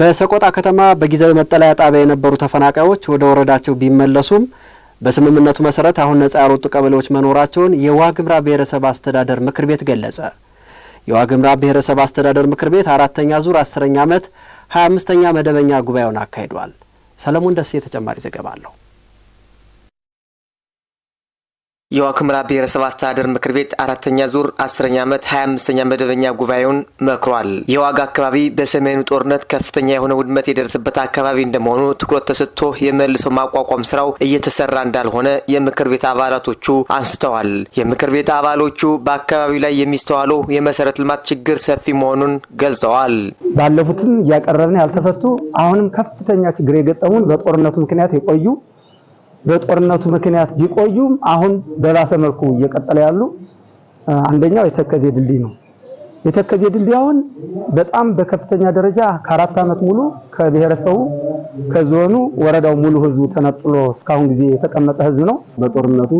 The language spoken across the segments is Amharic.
በሰቆጣ ከተማ በጊዜያዊ መጠለያ ጣቢያ የነበሩ ተፈናቃዮች ወደ ወረዳቸው ቢመለሱም በስምምነቱ መሰረት አሁን ነጻ ያልወጡ ቀበሌዎች መኖራቸውን የዋግምራ ብሔረሰብ አስተዳደር ምክር ቤት ገለጸ። የዋግምራ ብሔረሰብ አስተዳደር ምክር ቤት አራተኛ ዙር አስረኛ ዓመት 25 አምስተኛ መደበኛ ጉባኤውን አካሂዷል። ሰለሞን ደሴ ተጨማሪ ዘገባ አለው። የዋግ ብሔረሰብ አስተዳደር ምክር ቤት አራተኛ ዙር አስረኛ ዓመት ሀያ አምስተኛ መደበኛ ጉባኤውን መክሯል። የዋጋ አካባቢ በሰሜኑ ጦርነት ከፍተኛ የሆነ ውድመት የደረሰበት አካባቢ እንደመሆኑ ትኩረት ተሰጥቶ የመልሶ ማቋቋም ስራው እየተሰራ እንዳልሆነ የምክር ቤት አባላቶቹ አንስተዋል። የምክር ቤት አባሎቹ በአካባቢው ላይ የሚስተዋለው የመሰረተ ልማት ችግር ሰፊ መሆኑን ገልጸዋል። ባለፉትም እያቀረብን ያልተፈቱ አሁንም ከፍተኛ ችግር የገጠሙን በጦርነቱ ምክንያት የቆዩ በጦርነቱ ምክንያት ቢቆዩም አሁን በባሰ መልኩ እየቀጠለ ያሉ አንደኛው የተከዜ ድልድይ ነው። የተከዜ ድልድይ አሁን በጣም በከፍተኛ ደረጃ ከአራት ዓመት ሙሉ ከብሔረሰቡ ከዞኑ ወረዳው ሙሉ ህዝቡ ተነጥሎ እስካሁን ጊዜ የተቀመጠ ህዝብ ነው። በጦርነቱ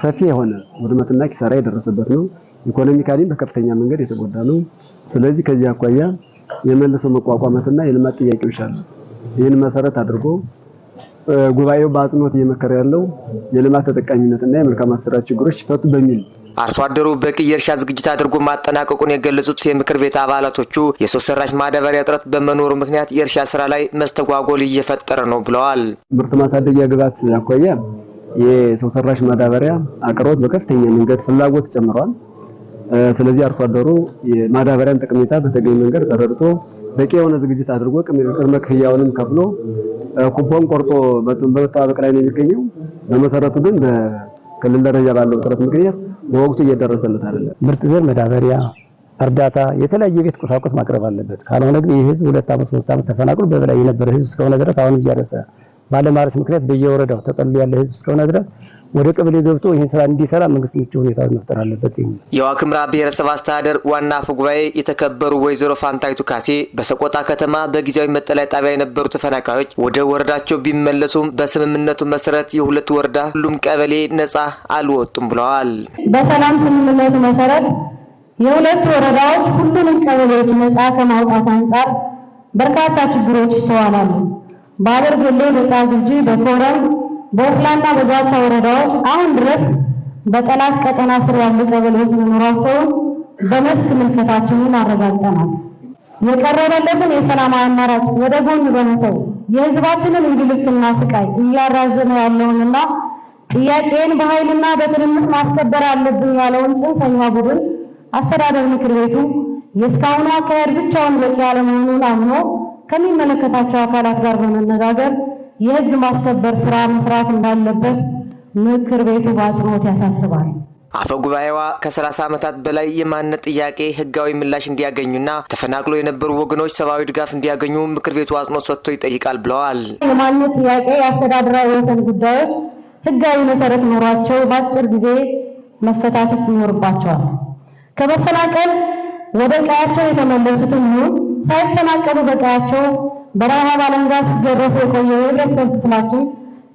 ሰፊ የሆነ ውድመትና ኪሳራ የደረሰበት ነው። ኢኮኖሚካሊም በከፍተኛ መንገድ የተጎዳ ነው። ስለዚህ ከዚህ አኳያ የመልሶ መቋቋመትና የልማት ጥያቄዎች አሉት። ይህን መሰረት አድርጎ ጉባኤው በአጽንኦት እየመከረ ያለው የልማት ተጠቃሚነትና የመልካም አስተዳደር ችግሮች ይፈቱ በሚል አርሶ አደሩ በቂ የእርሻ ዝግጅት አድርጎ ማጠናቀቁን የገለጹት የምክር ቤት አባላቶቹ የሰው ሰራሽ ማዳበሪያ እጥረት በመኖሩ ምክንያት የእርሻ ስራ ላይ መስተጓጎል እየፈጠረ ነው ብለዋል። ምርት ማሳደጊያ ግብዓት አኳያ የሰው ሰራሽ ማዳበሪያ አቅርቦት በከፍተኛ መንገድ ፍላጎት ጨምሯል። ስለዚህ አርሶ አደሩ የማዳበሪያን ጠቀሜታ በተገኝ መንገድ ተረድቶ በቂ የሆነ ዝግጅት አድርጎ ቅድመ ክፍያውንም ከፍሎ ኩቦን ቆርጦ በመጠባበቅ ላይ ነው የሚገኘው። በመሰረቱ ግን በክልል ደረጃ ባለው ጥረት ምክንያት በወቅቱ እየደረሰለት አይደለም። ምርጥ ዘር፣ መዳበሪያ፣ እርዳታ፣ የተለያየ የቤት ቁሳቁስ ማቅረብ አለበት። ካልሆነ ግን ይህ ህዝብ ሁለት ዓመት ሶስት ዓመት ተፈናቅሎ በበላይ የነበረ ህዝብ እስከሆነ ድረስ አሁንም እያደረሰ ባለማረስ ምክንያት በየወረዳው ተጠሉ ያለ ህዝብ እስከሆነ ድረስ ወደ ቀበሌ ገብቶ ይህን ስራ እንዲሰራ መንግስት ምቹ ሁኔታ መፍጠር አለበት። የዋግኽምራ ብሔረሰብ አስተዳደር ዋና አፈ ጉባኤ የተከበሩ ወይዘሮ ፋንታይቱ ካሴ በሰቆጣ ከተማ በጊዜያዊ መጠለያ ጣቢያ የነበሩ ተፈናቃዮች ወደ ወረዳቸው ቢመለሱም በስምምነቱ መሰረት የሁለት ወረዳ ሁሉም ቀበሌ ነጻ አልወጡም ብለዋል። በሰላም ስምምነቱ መሰረት የሁለት ወረዳዎች ሁሉንም ቀበሌዎች ነጻ ከማውጣት አንጻር በርካታ ችግሮች ይስተዋላሉ። በአበርገሌ፣ ግጂ በኮረም በወፍላና በጓታ ወረዳዎች አሁን ድረስ በጠላት ቀጠና ስር ያሉ ቀበሌዎች መኖራቸውን በመስክ ምልከታችንን አረጋግጠናል። የቀረበለትን የሰላም አማራጭ ወደ ጎን በመተው የህዝባችንን እንግልትና ስቃይ እያራዘመ ያለውንና ጥያቄን በኃይልና በትንምስ ማስከበር አለብን ያለውን ጽንፈኛ ቡድን አስተዳደር ምክር ቤቱ የእስካሁኑ አካሄድ ብቻውን በቂ ያለመሆኑን አምኖ ከሚመለከታቸው አካላት ጋር በመነጋገር የህግ ማስከበር ስራ መስራት እንዳለበት ምክር ቤቱ በአጽንኦት ያሳስባል። አፈ ጉባኤዋ ከ ከ30 ዓመታት በላይ የማንነት ጥያቄ ህጋዊ ምላሽ እንዲያገኙና ተፈናቅሎ የነበሩ ወገኖች ሰብአዊ ድጋፍ እንዲያገኙ ምክር ቤቱ አጽንኦት ሰጥቶ ይጠይቃል ብለዋል። የማንነት ጥያቄ፣ የአስተዳደራዊ ወሰን ጉዳዮች ህጋዊ መሰረት ኖሯቸው በአጭር ጊዜ መፈታት ይኖርባቸዋል። ከመፈናቀል ወደ ቀያቸው የተመለሱትም ሳይፈናቀሉ በቀያቸው በረሃ ባለንጋ ሲገረፍ የቆየው የህብረተሰብ ክፍላችን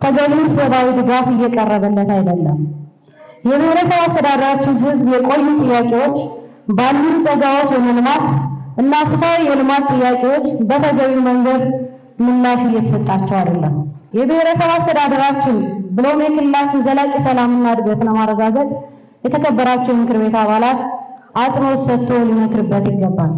ተገቢ ሰብአዊ ድጋፍ እየቀረበለት አይደለም። የብሔረሰብ አስተዳደራችን ህዝብ የቆዩ ጥያቄዎች ባሉን ጸጋዎች የመልማት እና ፍትሐዊ የልማት ጥያቄዎች በተገቢው መንገድ ምላሽ እየተሰጣቸው አይደለም። የብሔረሰብ አስተዳደራችን ብሎም የክልላችን ዘላቂ ሰላምና እድገት ለማረጋገጥ የተከበራቸው የምክር ቤት አባላት አጽንኦት ሰጥቶ ሊመክርበት ይገባል።